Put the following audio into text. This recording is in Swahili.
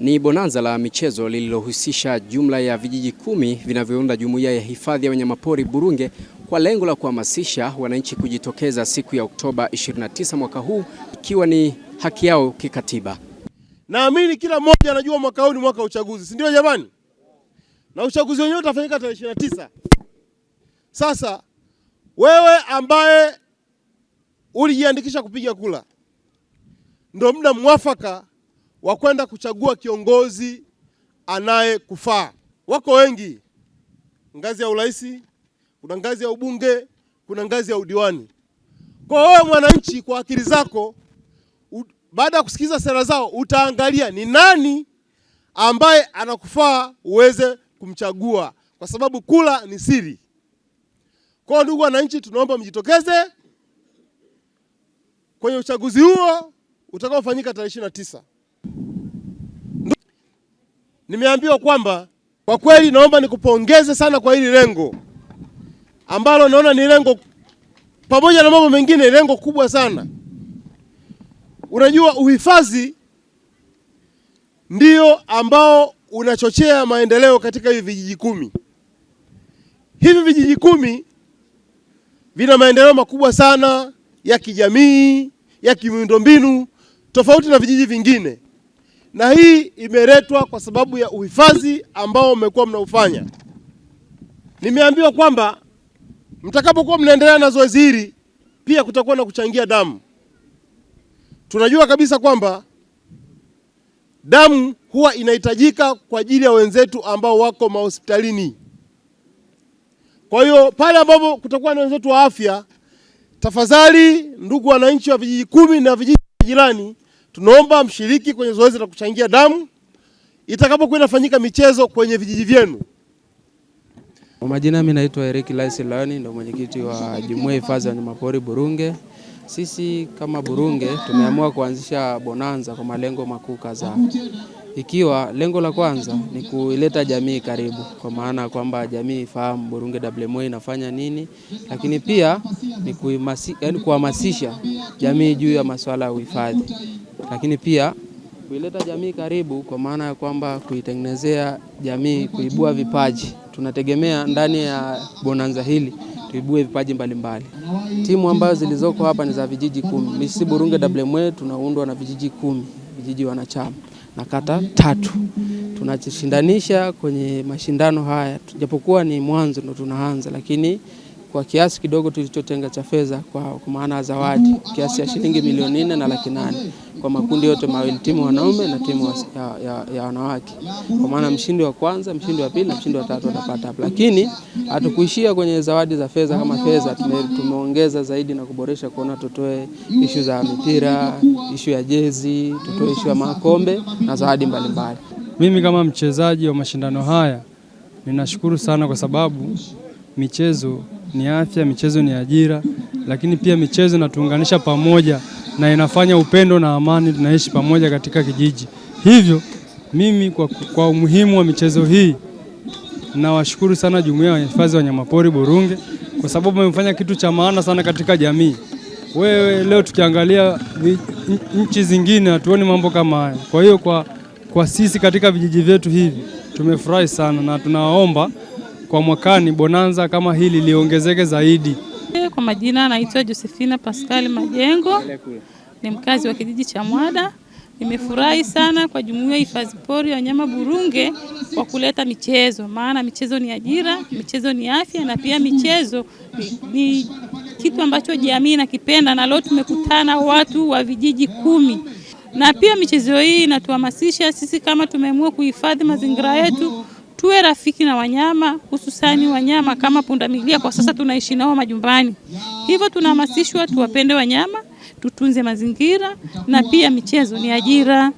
Ni bonanza la michezo lililohusisha jumla ya vijiji kumi vinavyounda jumuiya ya hifadhi ya wanyamapori Burunge kwa lengo la kuhamasisha wananchi kujitokeza siku ya Oktoba 29 mwaka huu ikiwa ni haki yao kikatiba. Naamini kila mmoja anajua mwaka huu ni mwaka wa uchaguzi, si ndio jamani? Na uchaguzi wenyewe utafanyika tarehe 29. Sasa wewe ambaye ulijiandikisha kupiga kula, ndio muda mwafaka wa kwenda kuchagua kiongozi anayekufaa. Wako wengi ngazi ya urais, kuna ngazi ya ubunge, kuna ngazi ya udiwani. Kwa wewe mwananchi, kwa akili zako, baada ya kusikiliza sera zao, utaangalia ni nani ambaye anakufaa uweze kumchagua, kwa sababu kula ni siri. Kwa ndugu wananchi, tunaomba mjitokeze kwenye uchaguzi huo utakaofanyika tarehe 29 nimeambiwa kwamba kwa kweli naomba nikupongeze sana kwa hili lengo ambalo naona ni lengo, pamoja na mambo mengine, lengo kubwa sana. Unajua, uhifadhi ndio ambao unachochea maendeleo katika hivi vijiji kumi. Hivi vijiji kumi vina maendeleo makubwa sana ya kijamii, ya kimiundombinu, tofauti na vijiji vingine na hii imeletwa kwa sababu ya uhifadhi ambao mmekuwa mnaufanya. Nimeambiwa kwamba mtakapokuwa mnaendelea na zoezi hili pia kutakuwa na kuchangia damu. Tunajua kabisa kwamba damu huwa inahitajika kwa ajili ya wenzetu ambao wako mahospitalini. Kwa hiyo pale ambapo kutakuwa na wenzetu wa afya, tafadhali ndugu wananchi wa vijiji kumi na vijiji jirani Tunaomba mshiriki kwenye zoezi la kuchangia damu itakapokuwa inafanyika michezo kwenye vijiji vyenu. Kwa majina, mimi naitwa Eric Laisilani, ndio mwenyekiti wa Jumuiya Hifadhi ya Wanyamapori Burunge. Sisi kama Burunge tumeamua kuanzisha bonanza kwa malengo makuu kadhaa, ikiwa lengo la kwanza ni kuileta jamii karibu, kwa maana ya kwamba jamii ifahamu Burunge WMO inafanya nini, lakini pia ni yaani kuhamasisha jamii juu ya masuala ya uhifadhi lakini pia kuileta jamii karibu, kwa maana ya kwamba kuitengenezea jamii, kuibua vipaji. Tunategemea ndani ya bonanza hili tuibue vipaji mbalimbali mbali. Timu ambazo zilizoko hapa ni za vijiji kumi. misi Burunge WMA tunaundwa na vijiji kumi, vijiji wanachama na kata tatu, tunajishindanisha kwenye mashindano haya, japokuwa ni mwanzo ndo tunaanza, lakini kwa kiasi kidogo tulichotenga cha fedha kwa maana zawadi kiasi cha shilingi milioni nne na laki nane kwa makundi yote mawili, timu wanaume na timu ya, ya, ya wanawake. Kwa maana mshindi wa kwanza, mshindi wa pili na mshindi wa tatu atapata hapo. Lakini hatukuishia kwenye zawadi za fedha kama fedha, tumeongeza zaidi na kuboresha, kuona tutoe ishu za mipira, ishu ya jezi, tutoe ishu ya makombe na zawadi mbalimbali. Mimi kama mchezaji wa mashindano haya ninashukuru sana kwa sababu michezo ni afya, michezo ni ajira, lakini pia michezo inatuunganisha pamoja na inafanya upendo na amani, tunaishi pamoja katika kijiji. Hivyo mimi kwa, kwa umuhimu wa michezo hii nawashukuru sana Jumuiya ya Hifadhi ya Wanyamapori Burunge kwa sababu wamefanya kitu cha maana sana katika jamii. Wewe leo tukiangalia nchi zingine hatuoni mambo kama haya. Kwa hiyo kwa, kwa sisi katika vijiji vyetu hivi tumefurahi sana na tunawaomba kwa mwakani bonanza kama hili liongezeke zaidi. Kwa majina anaitwa Josephina Pascal Majengo, ni mkazi wa kijiji cha Mwada. Nimefurahi sana kwa jumuiya ya hifadhi pori ya wanyama Burunge kwa kuleta michezo, maana michezo ni ajira, michezo ni afya na pia michezo ni, ni kitu ambacho jamii nakipenda, na leo tumekutana watu wa vijiji kumi na pia michezo hii inatuhamasisha sisi kama tumeamua kuhifadhi mazingira yetu tuwe rafiki na wanyama, hususani wanyama kama pundamilia. Kwa sasa tunaishi nao majumbani, hivyo tunahamasishwa tuwapende wanyama, tutunze mazingira, na pia michezo ni ajira.